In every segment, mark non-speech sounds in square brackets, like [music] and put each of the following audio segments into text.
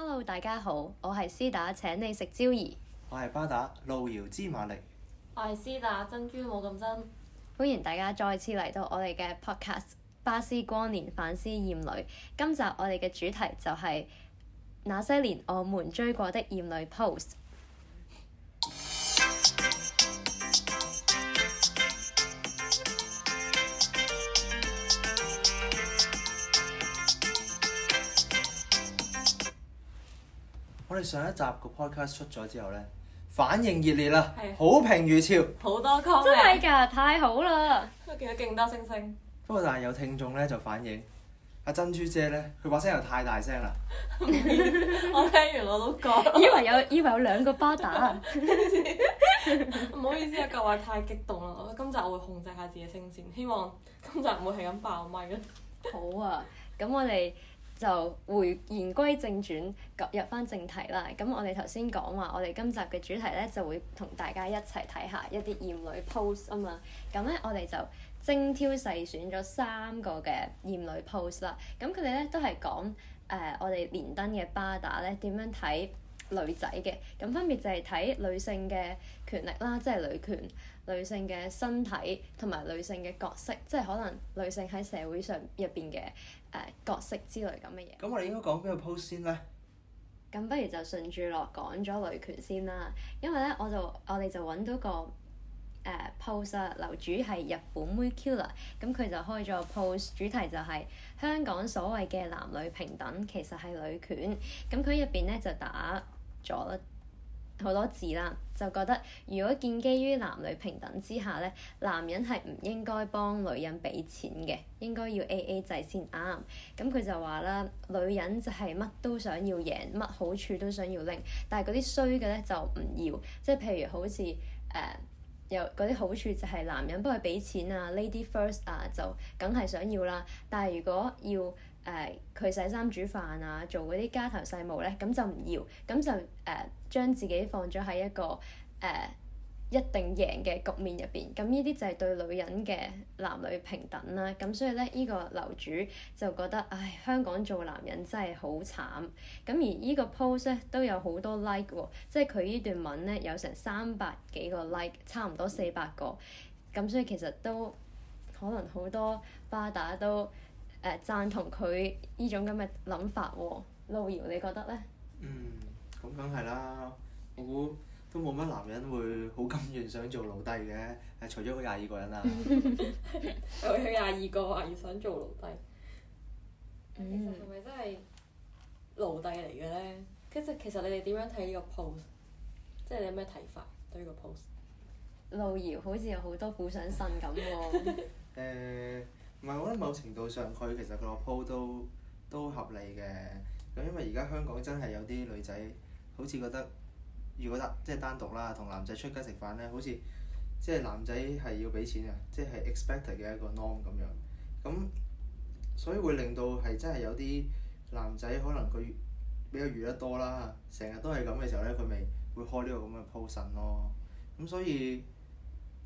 Hello，大家好，我係斯打，請你食蕉兒。我係巴打路遙知馬力。我係斯打珍珠冇咁真。歡迎大家再次嚟到我哋嘅 podcast《巴斯光年反思厭女》，今集我哋嘅主題就係、是、那些年我們追過的厭女 Posts 我哋上一集個 podcast 出咗之後咧，反應熱烈啦，的好評如潮，好多 comment，真係㗎，太好啦，都見到勁多星星。不過但係有聽眾咧就反應，阿珍珠姐咧佢把聲又太大聲啦， [laughs] 我聽完我都覺， [laughs] 以為有以為有兩個巴打，唔 [laughs] [laughs] 好意思啊，舊話太激動啦，我今集我會控制下自己聲線，希望今集唔會係咁爆咪，啦 [laughs] 好啊，咁我哋。就回言歸正傳，入翻正題啦。咁我哋頭先講話，我哋今集嘅主題呢，就會同大家一齊睇下一啲厭女 post 啊嘛。咁呢，我哋就精挑細選咗三個嘅厭女 post 啦。咁佢哋呢，都係講誒我哋連登嘅巴打呢，點樣睇女仔嘅。咁分別就係睇女性嘅權力啦，即係女權、女性嘅身體同埋女性嘅角色，即係可能女性喺社會上入邊嘅。呃、角色之類咁嘅嘢。咁我哋應該講邊個 post 先呢？咁不如就順住落講咗女權先啦，因為呢，我就我哋就揾到個誒 post 啊，樓主係日本妹 cuber 咁佢就開咗個 post 主題就係、是、香港所謂嘅男女平等其實係女權，咁佢入邊呢，就打咗。好多字啦，就覺得如果建基於男女平等之下咧，男人係唔應該幫女人俾錢嘅，應該要 AA 制先啱。咁佢就話啦，女人就係乜都想要贏，乜好處都想要拎，但係嗰啲衰嘅咧就唔要。即係譬如好似誒、呃，有嗰啲好處就係男人幫佢俾錢啊，Lady First 啊，就梗係想要啦。但係如果要誒佢、呃、洗衫煮飯啊，做嗰啲家頭細務呢，咁就唔要，咁就誒將、呃、自己放咗喺一個誒、呃、一定贏嘅局面入邊，咁呢啲就係對女人嘅男女平等啦。咁所以呢，呢、呢個樓主就覺得，唉，香港做男人真係好慘。咁而呢個 post 呢，都有好多 like 喎、哦，即係佢呢段文呢，有成三百幾個 like，差唔多四百個。咁所以其實都可能好多巴打都。誒贊、uh, 同佢呢種咁嘅諗法喎、啊，路遙，你覺得咧？嗯，咁梗係啦，我估都冇乜男人會好甘願想做奴隸嘅，係、啊、除咗佢廿二個人啊，係佢廿二個要想做奴,、嗯、是是奴隸，其實係咪真係奴隸嚟嘅咧？其實其實你哋點樣睇呢個 post 即係你有咩睇法對呢、這個 post 路遙好似有好多苦想呻咁喎。 [laughs] uh, 唔係、嗯，我覺得某程度上佢其實個 post 都都合理嘅。咁因為而家香港真係有啲女仔好似覺得，如果得即係單獨啦，同男仔出街食飯咧，好似即係男仔係要俾錢啊，即係 expected 嘅一個 norm 咁樣。咁所以會令到係真係有啲男仔可能佢比較遇得多啦，成日都係咁嘅時候咧，佢咪會開呢個咁嘅 post 陣咯。咁所以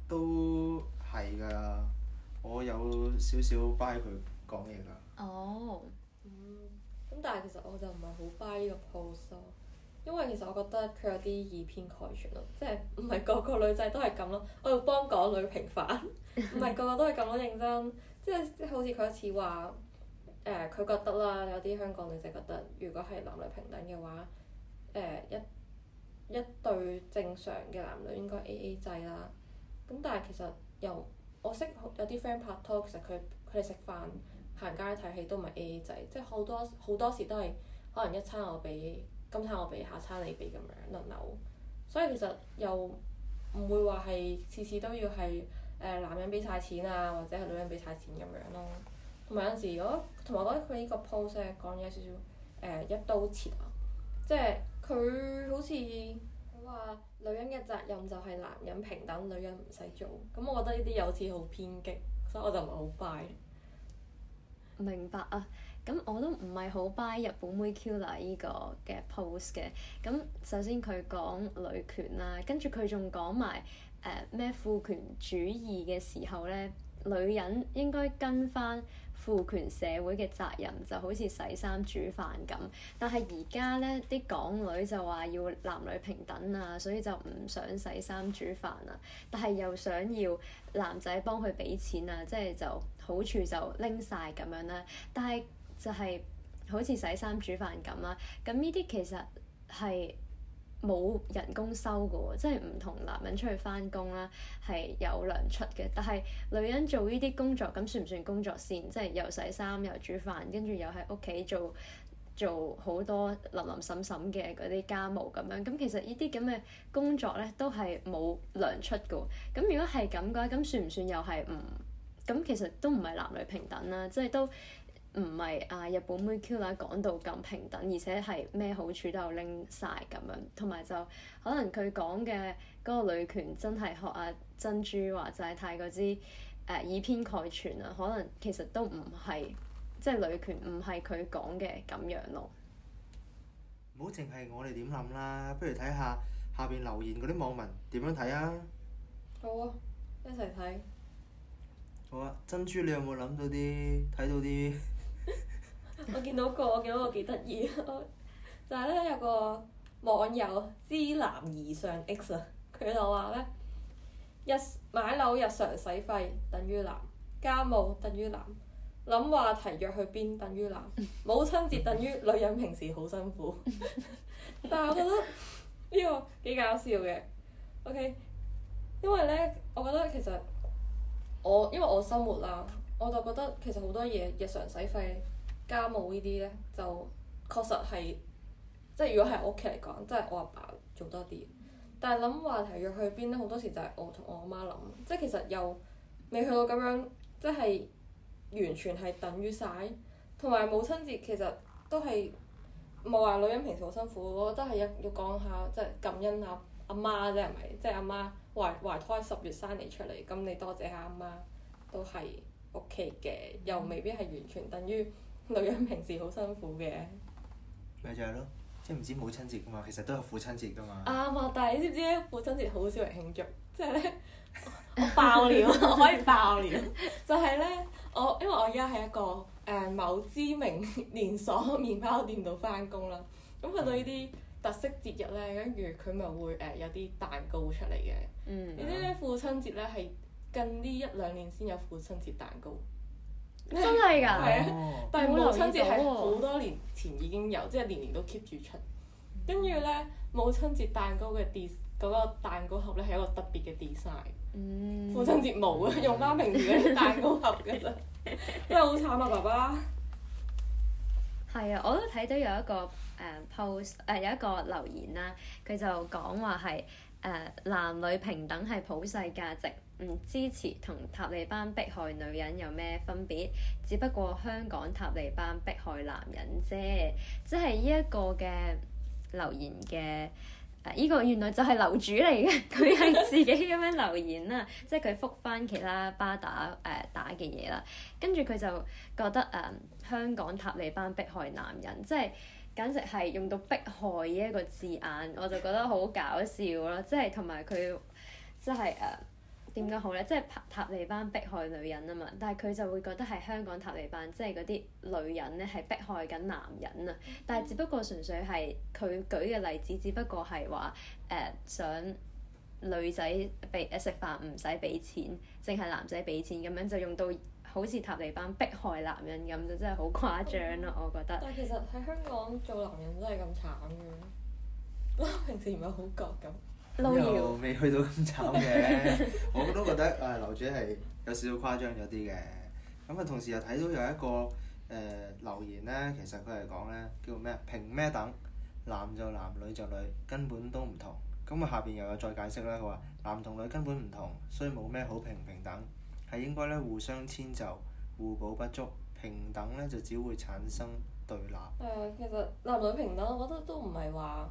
都係㗎。我有少少 buy 佢講嘢㗎。哦，嗯，咁但係其實我就唔係好 buy 呢個 post 咯，因為其實我覺得佢有啲以偏概全咯，即係唔係個個女仔都係咁咯。我要幫港女平反，唔係個個都係咁認真，即係即係好似佢一次話，誒、呃、佢覺得啦，有啲香港女仔覺得如果係男女平等嘅話，誒、呃、一一對正常嘅男女應該 AA 制啦。咁但係其實又。我識有啲 friend 拍拖，其實佢佢哋食飯、mm. 行街、睇戲都唔係 AA 制，即係好多好多時都係可能一餐我俾，今餐我俾，下餐你俾咁樣輪流，no. No. 所以其實又唔會話係次次都要係誒、呃、男人俾晒錢啊，或者係女人俾晒錢咁樣咯。同埋有時我同埋覺得佢呢個 post 講嘢有少少誒、呃、一刀切啊，即係佢好似。話女人嘅責任就係男人平等，女人唔使做。咁我覺得呢啲有啲好偏激，所以我就唔係好 buy。明白啊，咁我都唔係好 buy 日本妹 cure 呢個嘅 post 嘅。咁首先佢講女權啦，跟住佢仲講埋誒咩父權主義嘅時候呢，女人應該跟翻。父權社會嘅責任就好似洗衫煮飯咁，但係而家呢啲港女就話要男女平等啊，所以就唔想洗衫煮飯啦，但係又想要男仔幫佢俾錢啊，即係就好處就拎晒咁樣啦，但係就係好似洗衫煮飯咁啦，咁呢啲其實係。冇人工收㗎喎，即係唔同男人出去返工啦，係有糧出嘅。但係女人做呢啲工作，咁算唔算工作先？即係又洗衫又煮飯，跟住又喺屋企做做好多淋淋嬸嬸嘅嗰啲家務咁樣。咁其實呢啲咁嘅工作呢，都係冇糧出㗎。咁如果係咁嘅話，咁算唔算又係唔？咁、嗯、其實都唔係男女平等啦，即係都。唔係啊！日本妹 Q 啦，講到咁平等，而且係咩好處都有拎晒咁樣，同埋就可能佢講嘅嗰個女權真係學阿珍珠話，就係太嗰啲誒以偏概全啦。可能其實都唔係即係女權，唔係佢講嘅咁樣咯。唔好淨係我哋點諗啦，不如睇下下邊留言嗰啲網民點樣睇啊！好啊，一齊睇。好啊！珍珠，你有冇諗到啲睇到啲？ [laughs] 我見到個，我見到個幾得意， [laughs] 就係咧有個網友知 [laughs] 男而上 X 啊，佢就話咧日買樓日常使費等於男，家務等於男，諗話題約去邊等於男，母親節等於女人平時好辛苦。 [laughs] 但係我覺得呢個幾搞笑嘅，OK，因為咧我覺得其實我因為我生活啦，我就覺得其實好多嘢日常使費。家務呢啲咧，就確實係即係如果係屋企嚟講，即係我阿爸做多啲。但係諗話題要去邊咧？好多時就係我同我阿媽諗，即係其實又未去到咁樣，即係完全係等於晒。同埋母親節其實都係冇話女人平時好辛苦？我覺得係要講下即係感恩下阿媽啫，係咪？即係阿媽懷懷胎十月生你出嚟，咁你多謝下阿媽都係屋企嘅，又未必係完全等於。女人平時好辛苦嘅，咪就係咯，即係唔止母親節噶嘛，其實都有父親節噶嘛。啱啊，但係你知唔知咧？父親節好少人慶祝，即係咧，我爆料， [laughs] 我可以爆料， [laughs] 就係咧，我因為我而家喺一個誒、呃、某知名連鎖麵包店度翻工啦。咁去到呢啲特色節日咧，跟住佢咪會誒有啲蛋糕出嚟嘅。嗯。你知道咧，父親節咧係近呢一兩年先有父親節蛋糕。真係噶，係啊對！但係母親節係好多年前已經有，即係年年都 keep 住出。跟住咧，母親節蛋糕嘅 des 嗰個蛋糕盒咧係一個特別嘅 design、嗯。父親節冇啊，用翻平時嗰啲蛋糕盒嘅啫，因為好慘啊，爸爸。係啊，我都睇到有一個誒 post，誒、呃、有一個留言啦，佢就講話係誒男女平等係普世價值。支持同塔利班迫害女人有咩分別？只不過香港塔利班迫害男人啫，即係呢一個嘅留言嘅誒，呢、呃呢個原來就係樓主嚟嘅，佢係自己咁樣留言 [laughs] 啦，即係佢覆返其他巴打誒、呃、打嘅嘢啦，跟住佢就覺得誒、呃、香港塔利班迫害男人，即係簡直係用到迫害呢一個字眼，我就覺得好搞笑咯！即係同埋佢即係誒，呃點解好咧？即係塔塔利班迫害女人啊嘛，但係佢就會覺得係香港塔利班即係嗰啲女人咧係迫害緊男人啊，但係只不過純粹係佢舉嘅例子，只不過係話誒想女仔俾食飯唔使俾錢，淨係男仔俾錢咁樣就用到好似塔利班迫害男人咁，就真係好誇張咯、啊，我覺得。但係其實喺香港做男人都係咁慘嘅，平時唔係好覺咁。嗯、又未去到咁慘嘅， [laughs] 我都覺得誒樓、哎、主係有少少誇張咗啲嘅。咁、嗯、啊，同時又睇到有一個誒、呃、留言咧，其實佢係講咧叫咩平咩等，男就男，女就女，根本都唔同。咁啊，下邊又有再解釋啦，佢話男同女根本唔同，所以冇咩好平平等，係應該咧互相遷就、互補不足，平等咧就只會產生對立。誒、呃，其實男女平等，我覺得都唔係話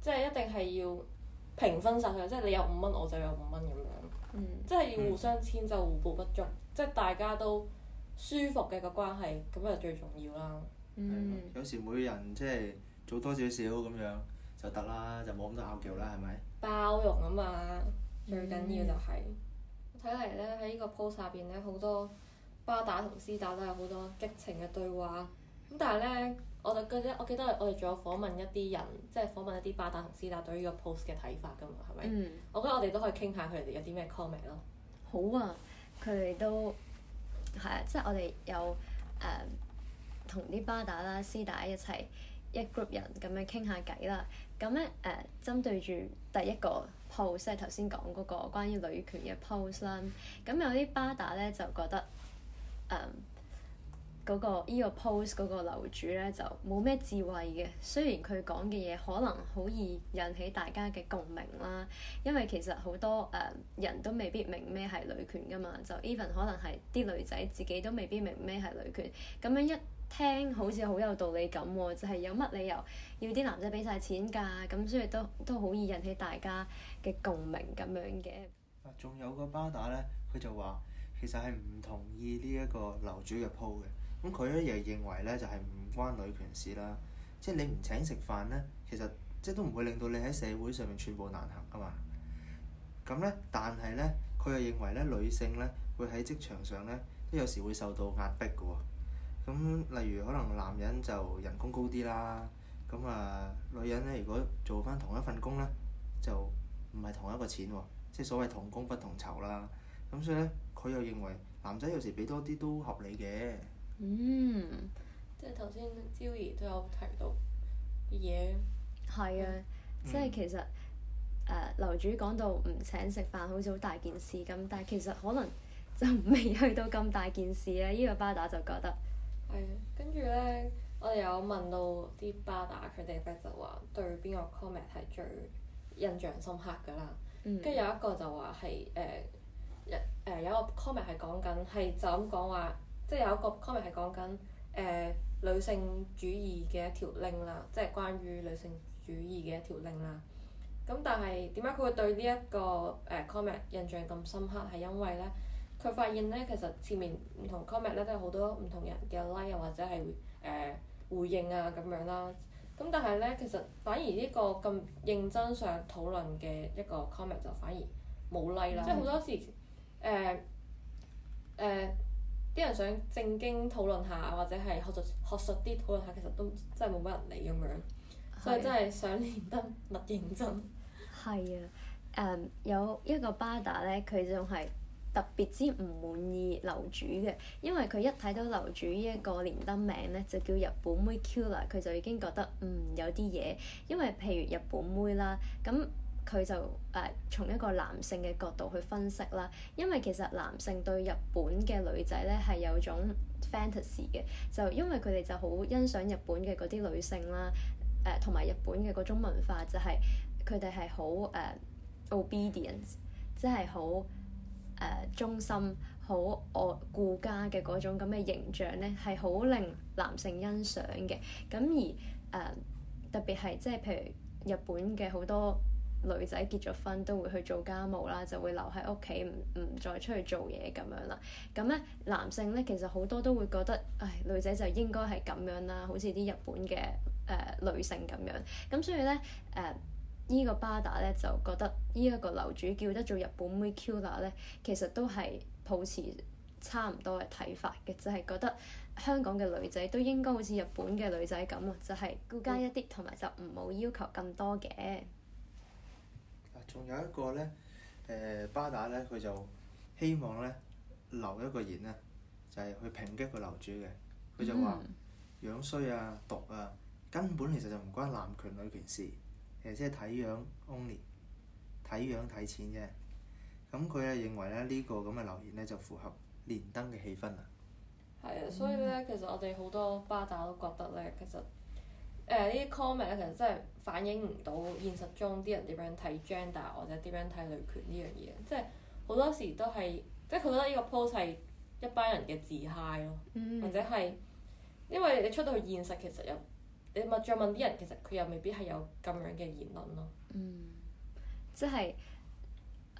即係一定係要。平分晒佢，即係你有五蚊我就有五蚊咁樣，嗯、即係要互相遷就、互補不足，嗯、即係大家都舒服嘅、個關係咁就最重要啦。嗯，有時每人即係做多少少咁樣就得啦，就冇咁多拗撬啦，係咪？包容啊嘛，最緊要就係、是。睇嚟咧喺呢個 post 下邊咧好多巴打同絲打都有好多激情嘅對話，咁但係咧。我哋嗰啲，我記得我哋仲有訪問一啲人，即係訪問一啲巴打同絲打對於個 post 嘅睇法㗎嘛，係咪？嗯、我覺得我哋都可以傾下佢哋有啲咩 comment 咯。好啊，佢哋都係啊，即係我哋有誒同啲巴打啦、絲打一齊一 group 人咁樣傾下偈啦。咁咧誒，針對住第一個 post，即係頭先講嗰個關於女權嘅 post 啦。咁有啲巴打咧就覺得誒。呃嗰個依個 post 嗰個樓主咧就冇咩智慧嘅，雖然佢講嘅嘢可能好易引起大家嘅共鳴啦，因為其實好多誒、呃、人都未必明咩係女權㗎嘛，就 even 可能係啲女仔自己都未必明咩係女權咁樣，一聽好似好有道理咁、啊，就係、是、有乜理由要啲男仔俾晒錢㗎？咁所以都都好易引起大家嘅共鳴咁樣嘅。仲有個巴打咧，佢就話其實係唔同意呢一個樓主嘅 post 嘅。咁佢咧又認為咧就係唔關女權事啦，即係你唔請食飯咧，其實即係都唔會令到你喺社會上面寸步難行啊嘛。咁咧，但係咧，佢又認為咧女性咧會喺職場上咧都有時會受到壓迫嘅喎。咁例如可能男人就人工高啲啦，咁啊女人咧如果做翻同一份工咧就唔係同一個錢喎，即係所謂同工不同酬啦。咁所以咧，佢又認為男仔有時俾多啲都合理嘅。嗯，即係頭先招兒都有提到嘢。係啊，嗯、即係其實誒，樓、呃、主講到唔請食飯好似好大件事咁，但係其實可能就未去到咁大件事咧。依、呢個巴打就覺得。係啊，跟住咧，我哋有問到啲巴打佢哋咧，就話對邊個 comment 係最印象深刻㗎啦。跟住、嗯、有一個就話係誒一誒有一個 comment 係講緊係就咁講話。即係有一個 comment 係講緊誒女性主義嘅一條令啦，即、就、係、是、關於女性主義嘅一條令啦。咁但係點解佢會對呢、這、一個誒 comment、呃、印象咁深刻？係因為咧，佢發現咧其實前面唔同 comment 咧都有好多唔同人嘅 like 或者係誒、呃、回應啊咁樣啦。咁但係咧其實反而呢個咁認真想討論嘅一個 comment 就反而冇 like 啦。即係好多時誒誒。呃呃啲人想正經討論下，或者係學，學術學術啲討論下，其實都真係冇乜人理咁樣，啊、所以真係想連登勿認真。係啊，誒、um，有一個巴打咧，佢仲係特別之唔滿意樓主嘅，因為佢一睇到樓主呢一個連登名咧，就叫日本妹 killer，佢就已經覺得嗯，有啲嘢，因為譬如日本妹啦咁。佢就誒從、呃、一個男性嘅角度去分析啦，因為其實男性對日本嘅女仔咧係有種 fantasy 嘅，就因為佢哋就好欣賞日本嘅嗰啲女性啦，誒同埋日本嘅嗰種文化就係佢哋係好誒、呃、obedience，即係好誒、呃、忠心、好愛顧家嘅嗰種咁嘅形象咧，係好令男性欣賞嘅。咁而誒、呃、特別係即係譬如日本嘅好多。女仔結咗婚都會去做家務啦，就會留喺屋企，唔唔再出去做嘢咁樣啦。咁咧男性咧其實好多都會覺得，唉，女仔就應該係咁樣啦，好似啲日本嘅誒、呃、女性咁樣。咁所以咧誒呢、呃呢個巴打咧就覺得呢一個樓主叫得做日本妹 Killa 咧，其實都係抱持差唔多嘅睇法嘅，就係、是、覺得香港嘅女仔都應該好似日本嘅女仔咁啊，就係、是、顧家一啲，同埋、嗯、就唔冇要，要求咁多嘅。仲有一個咧，誒、呃、巴打咧佢就希望咧留一個言啊，就係、是、去抨擊個樓主嘅。佢就話、嗯、樣衰啊、毒啊，根本其實就唔關男權女權事，其實即係睇樣 only，睇樣睇錢啫。咁佢又認為咧呢、這個咁嘅留言咧就符合連登嘅氣氛啦。係啊、嗯，所以咧其實我哋好多巴打都覺得咧其實。誒、呃、呢啲 comment 咧，其實真係反映唔到現實中啲人點樣睇 Gender 或者點樣睇女權呢樣嘢，即係好多時都係即係佢覺得呢個 post 係一班人嘅自嗨 i 咯，嗯、或者係因為你出到去現實，其實有你問再問啲人，其實佢又未必係有咁樣嘅言論咯、嗯就係。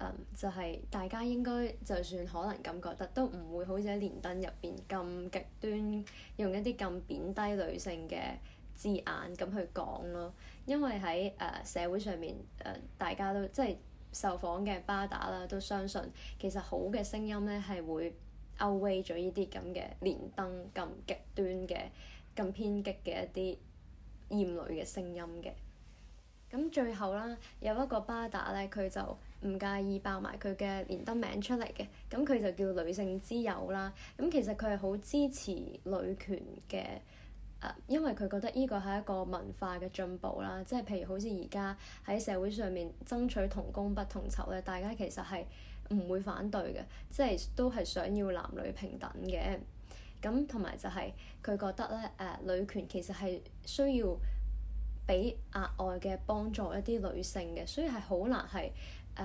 嗯，即係就係、係、大家應該就算可能咁覺得都唔會好似喺連登入邊咁極端，用一啲咁貶低女性嘅。字眼咁去講咯，因為喺誒、呃、社會上面誒、呃、大家都即係受訪嘅巴打啦，都相信其實好嘅聲音咧係會 outweigh 咗呢啲咁嘅連登咁極端嘅、咁偏激嘅一啲厭女嘅聲音嘅。咁最後啦，有一個巴打咧，佢就唔介意爆埋佢嘅連登名出嚟嘅，咁佢就叫女性之友啦。咁其實佢係好支持女權嘅。因為佢覺得呢個係一個文化嘅進步啦，即係譬如好似而家喺社會上面爭取同工不同酬咧，大家其實係唔會反對嘅，即係都係想要男女平等嘅。咁同埋就係佢覺得咧，誒、呃、女權其實係需要俾額外嘅幫助一啲女性嘅，所以係好難係誒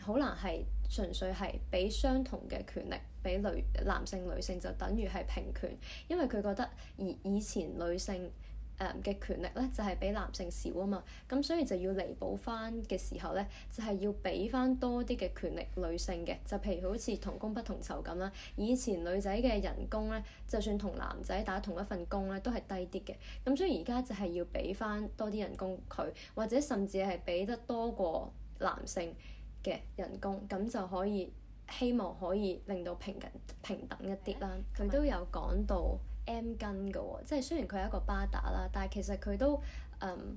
好難係。純粹係俾相同嘅權力，俾女男性、女性就等於係平權，因為佢覺得而以前女性誒嘅權力咧就係比男性少啊嘛，咁所以就要彌補翻嘅時候咧，就係要俾翻多啲嘅權力女性嘅，就譬如好似同工不同酬咁啦，以前女仔嘅人工咧，就算同男仔打同一份工咧都係低啲嘅，咁所以而家就係要俾翻多啲人工佢，或者甚至係俾得多過男性。嘅人工，咁就可以希望可以令到平等平等一啲啦。佢的都有講到 M 巾㗎喎，即係雖然佢係一個巴打啦，但係其實佢都嗯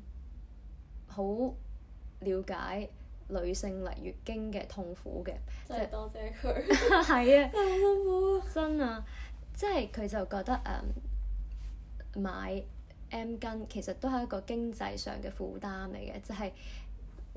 好了解女性嚟月經嘅痛苦嘅。即係、就是、多謝佢。係 [laughs] 啊。 [laughs] 真、哎、辛苦。真啊！ [laughs] 即係佢就覺得誒、嗯、買 M 巾其實都係一個經濟上嘅負擔嚟嘅，就係、是。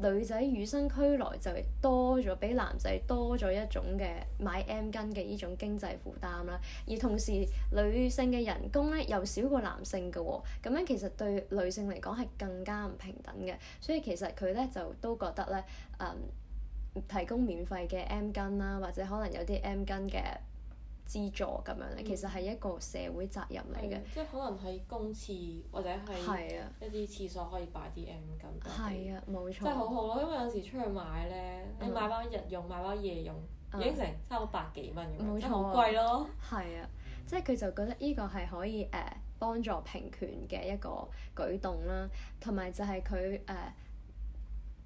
女仔與生俱來就多咗，比男仔多咗一種嘅買 M 巾嘅呢種經濟負擔啦。而同時，女性嘅人工呢又少過男性嘅喎、哦，咁樣其實對女性嚟講係更加唔平等嘅。所以其實佢呢就都覺得呢，誒、嗯、提供免費嘅 M 巾啦，gun, 或者可能有啲 M 巾嘅。資助咁樣咧，其實係一個社會責任嚟嘅、嗯。即係可能喺公廁或者係一啲廁所可以擺啲 M 巾。係啊，冇錯。即係好好咯，因為有時出去買咧，嗯、你買包日用買包夜用，嗯、已經成差唔多百幾蚊咁，真係好貴咯。係啊，即係佢就覺得呢個係可以誒、uh, 幫助平權嘅一個舉動啦，同埋就係佢誒。Uh,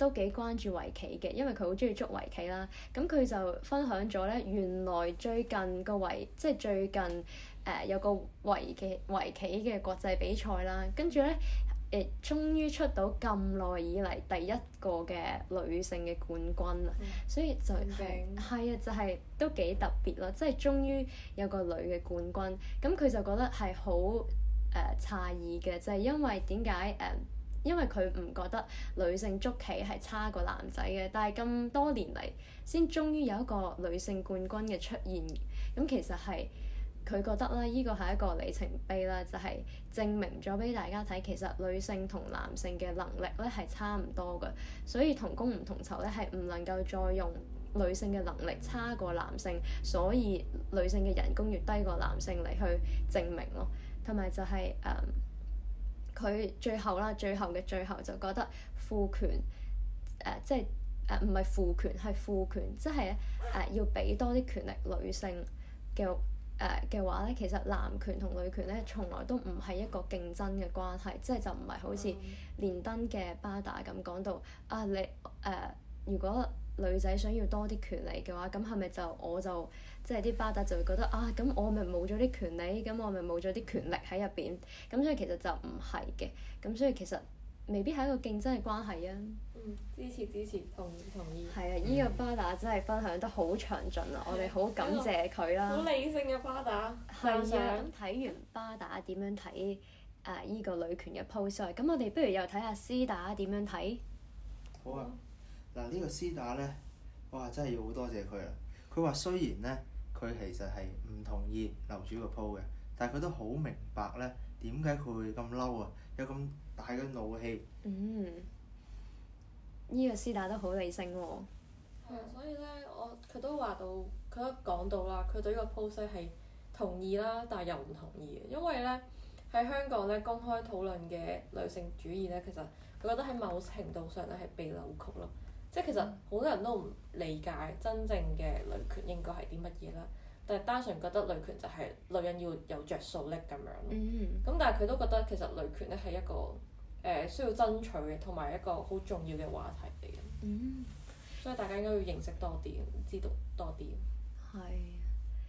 都幾關注圍棋嘅，因為佢好中意捉圍棋啦。咁佢就分享咗呢，原來最近個圍即係最近誒、呃、有個圍棋圍棋嘅國際比賽啦。跟住呢，誒，終於出到咁耐以嚟第一個嘅女性嘅冠軍啦。嗯、所以就係係啊，就係、係、都幾特別咯，即係終於有個女嘅冠軍。咁佢就覺得係好誒詫異嘅，就係、係、因為點解誒？呃因為佢唔覺得女性捉棋係差過男仔嘅，但係咁多年嚟，先終於有一個女性冠軍嘅出現。咁其實係佢覺得咧，呢個係一個里程碑啦，就係、是、證明咗俾大家睇，其實女性同男性嘅能力咧係差唔多嘅。所以同工唔同酬咧，係唔能夠再用女性嘅能力差過男性，所以女性嘅人工越低過男性嚟去證明咯。同埋就係、是、誒。嗯佢最後啦，最後嘅最後就覺得賦權，誒即係誒唔係賦權係賦權，即係誒要俾多啲權力女性嘅誒嘅話咧，其實男權同女權咧從來都唔係一個競爭嘅關係，即係就唔係好似連登嘅巴打咁講到啊你誒，呃，如果。女仔想要多啲權利嘅話，咁係咪就我就即係啲巴打就會覺得啊？咁我咪冇咗啲權利，咁我咪冇咗啲權力喺入邊？咁所以其實就唔係嘅，咁所以其實未必係一個競爭嘅關係啊。嗯、支持支持，同同意。係啊，依個巴打真係分享得好詳盡啊！我哋好感謝佢啦。好理性嘅巴打。係啊，咁睇完巴打點樣睇啊？依個女權嘅 post，咁我哋不如又睇下斯打點樣睇。好啊。嗱，呢個私打咧，哇，真係要好多謝佢啦！佢話雖然咧，佢其實係唔同意樓主個 po 嘅，但係佢都好明白咧，點解佢會咁嬲、嗯這個、啊，有咁大嘅怒氣。嗯，呢個私打都好理性喎。係啊，所以咧，我佢都話到，佢都講到啦。佢對呢個 po 係同意啦，但係又唔同意，嘅因為咧，喺香港咧，公開討論嘅女性主義咧，其實佢覺得喺某程度上咧係被扭曲咯。即係其實好多人都唔理解真正嘅女權應該係啲乜嘢啦，但係單純覺得女權就係女人要有着數力咁樣，嗯。嗯。咁但係佢都覺得其實女權咧係一個誒、呃、需要爭取嘅，同埋一個好重要嘅話題嚟嘅。嗯、所以大家應該要認識多啲，知道多啲。係。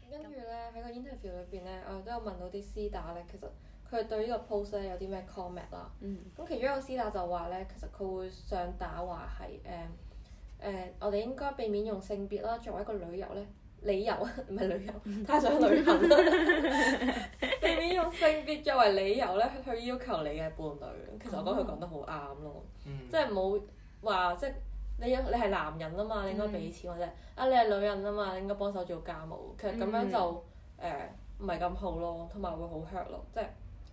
跟住咧喺個 interview 裏邊咧，我都有問到啲師打咧，其實佢對呢個 post 咧有啲咩 comment 啦。嗯。咁其中一個師打就話咧，其實佢會想打話係誒。Um, 誒、呃，我哋應該避免用性別啦，作為一個旅遊咧，理由啊，唔係旅遊，太想旅行 [laughs] [laughs] 避免用性別作為理由咧去要求你嘅伴侶。其實我覺得佢講得好啱咯，即係冇話即係你有你係男人啊嘛，你應該俾錢或者、嗯、啊你係女人啊嘛，你應該幫手做家務。其實咁樣就誒唔係咁好咯，同埋會好 hurt 咯，即係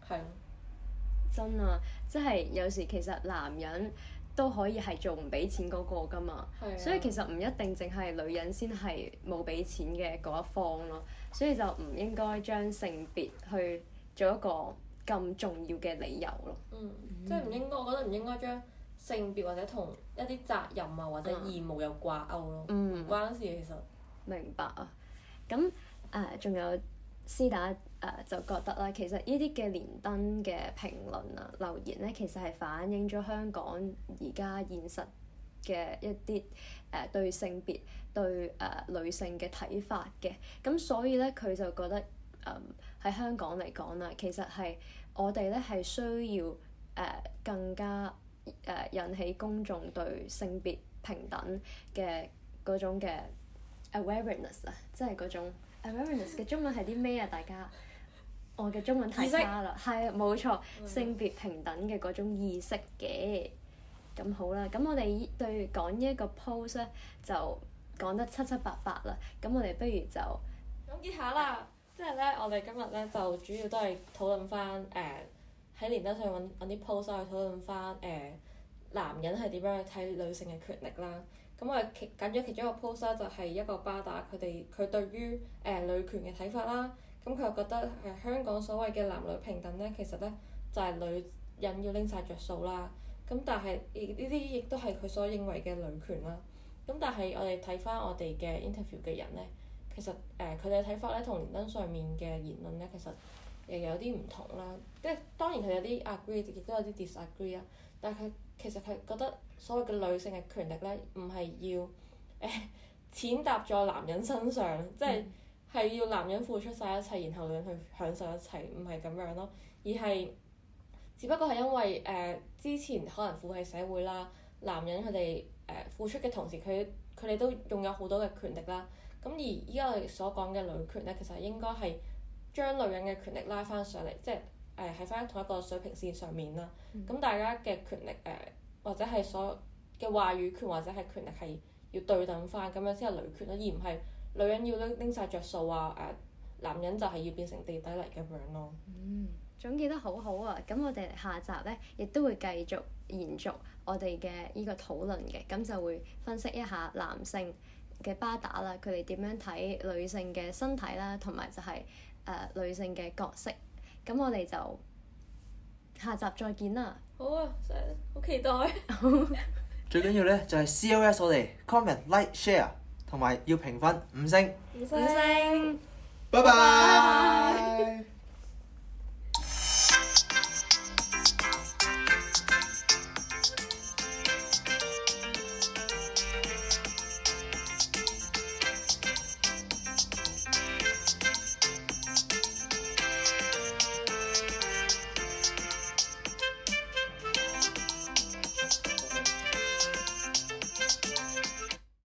係真啊！即係有時其實男人。都可以係做唔俾錢嗰個㗎嘛，啊、所以其實唔一定淨係女人先係冇俾錢嘅嗰一方咯，所以就唔應該將性別去做一個咁重要嘅理由咯。嗯，即係唔應該，我覺得唔應該將性別或者同一啲責任啊或者義務又掛鈎咯，唔、嗯、關事、啊、其實。明白啊，咁誒仲有，師打，誒、呃、就覺得啦，其實呢啲嘅連登嘅評論啊、留言咧，其實係反映咗香港而家現實嘅一啲誒、呃、對性別對誒、呃、女性嘅睇法嘅。咁所以咧，佢就覺得誒喺、呃、香港嚟講啦，其實係我哋咧係需要誒、呃、更加誒、呃、引起公眾對性別平等嘅嗰種嘅 awareness 啊，即係嗰種。Awareness 嘅中文係啲咩啊？大家，我嘅中文太差啦。係懂啊，冇錯，性別平等嘅嗰種意識嘅。咁好啦，咁我哋依對講呢一個 post 咧，就講得七七八八啦。咁我哋不如就總結下啦。即係咧，我哋今日咧就主要都係討論翻誒喺連登上揾啲 post 去討論翻誒、呃、男人係點樣去睇女性嘅權力啦。咁、嗯、我係揀咗其中一個 post 啦，就係、是、一個巴打，佢哋佢對於誒、呃、女權嘅睇法啦。咁、嗯、佢又覺得誒香港所謂嘅男女平等咧，其實咧就係、是、女人要拎晒着數啦。咁、嗯、但係呢啲亦都係佢所認為嘅女權啦。咁、嗯、但係我哋睇翻我哋嘅 interview 嘅人咧，其實誒佢哋嘅睇法咧同連登上面嘅言論咧，其實又有啲唔同啦。即、就、係、是、當然佢有啲 agree，亦都有啲 disagree 啊。但係其實佢覺得所謂嘅女性嘅權力呢，唔係要誒踐踏在男人身上，嗯、即係係要男人付出晒一切，然後女人去享受一切，唔係咁樣咯，而係只不過係因為誒、呃、之前可能父系社會啦，男人佢哋誒付出嘅同時，佢佢哋都擁有好多嘅權力啦。咁而依家我哋所講嘅女權呢，其實應該係將女人嘅權力拉翻上嚟，即係。誒喺翻同一個水平線上面啦，咁大家嘅權力誒，或者係所嘅話語權或者係權力係要對等翻，咁樣先係女權咯，而唔係女人要拎拎曬著數啊！誒，男人就係要變成地底嚟嘅樣咯。嗯，總結得好好啊！咁我哋下集呢，亦都會繼續延續我哋嘅呢個討論嘅，咁就會分析一下男性嘅巴打啦，佢哋點樣睇女性嘅身體啦，同埋就係誒女性嘅角色。咁我哋就下集再見啦！好啊，好期待。最緊要咧就係 cos 我哋 comment like share，同埋要評分五星五星，拜拜。